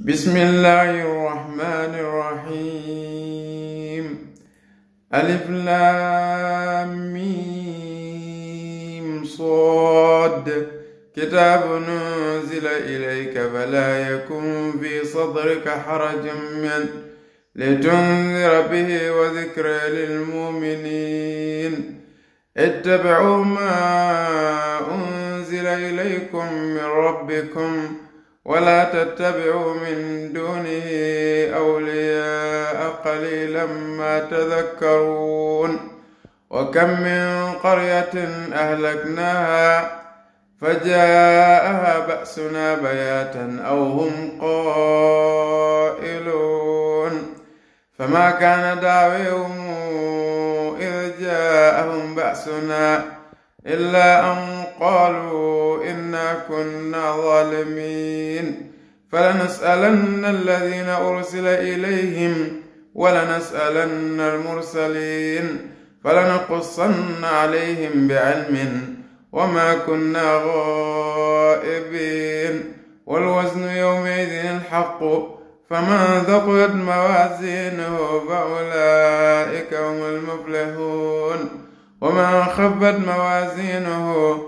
بسم الله الرحمن الرحيم ألف لام ميم صاد كتاب أنزل إليك فلا يكن في صدرك حرج من لتنذر به وذكرى للمؤمنين اتبعوا ما أنزل إليكم من ربكم ولا تتبعوا من دونه أولياء قليلا ما تذكرون وكم من قرية أهلكناها فجاءها بأسنا بياتا أو هم قائلون فما كان دعوهم إذ جاءهم بأسنا إلا أن قالوا إنا كنا ظالمين فلنسألن الذين أرسل إليهم ولنسألن المرسلين فلنقصن عليهم بعلم وما كنا غائبين والوزن يومئذ الحق فمن ثقلت موازينه فأولئك هم المفلحون ومن خفت موازينه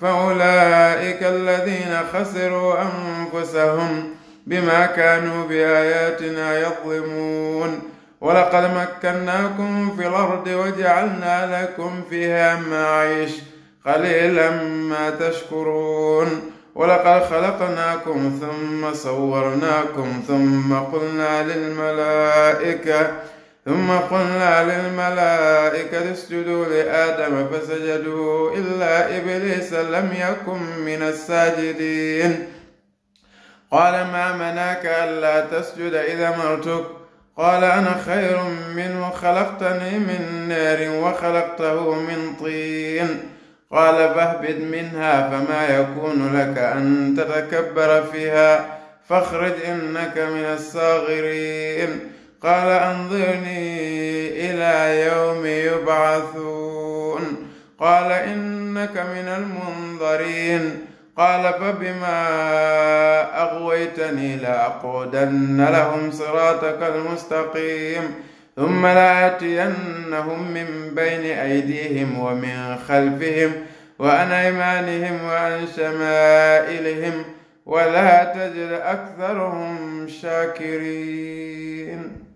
فأولئك الذين خسروا أنفسهم بما كانوا بآياتنا يظلمون ولقد مكناكم في الأرض وجعلنا لكم فيها معيش قليلا ما تشكرون ولقد خلقناكم ثم صورناكم ثم قلنا للملائكة ثم قلنا للملائكة اسجدوا لآدم فسجدوا إلا إبليس لم يكن من الساجدين قال ما مناك ألا تسجد إذا مرتك قال أنا خير منه خلقتني من نار وخلقته من طين قال فاهبد منها فما يكون لك أن تتكبر فيها فاخرج إنك من الصاغرين قال أنظرني إلى يوم يبعثون قال إنك من المنظرين قال فبما أغويتني لأقعدن لهم صراطك المستقيم ثم لآتينهم من بين أيديهم ومن خلفهم وعن أيمانهم وعن شمائلهم ولا تجد أكثرهم شاكرين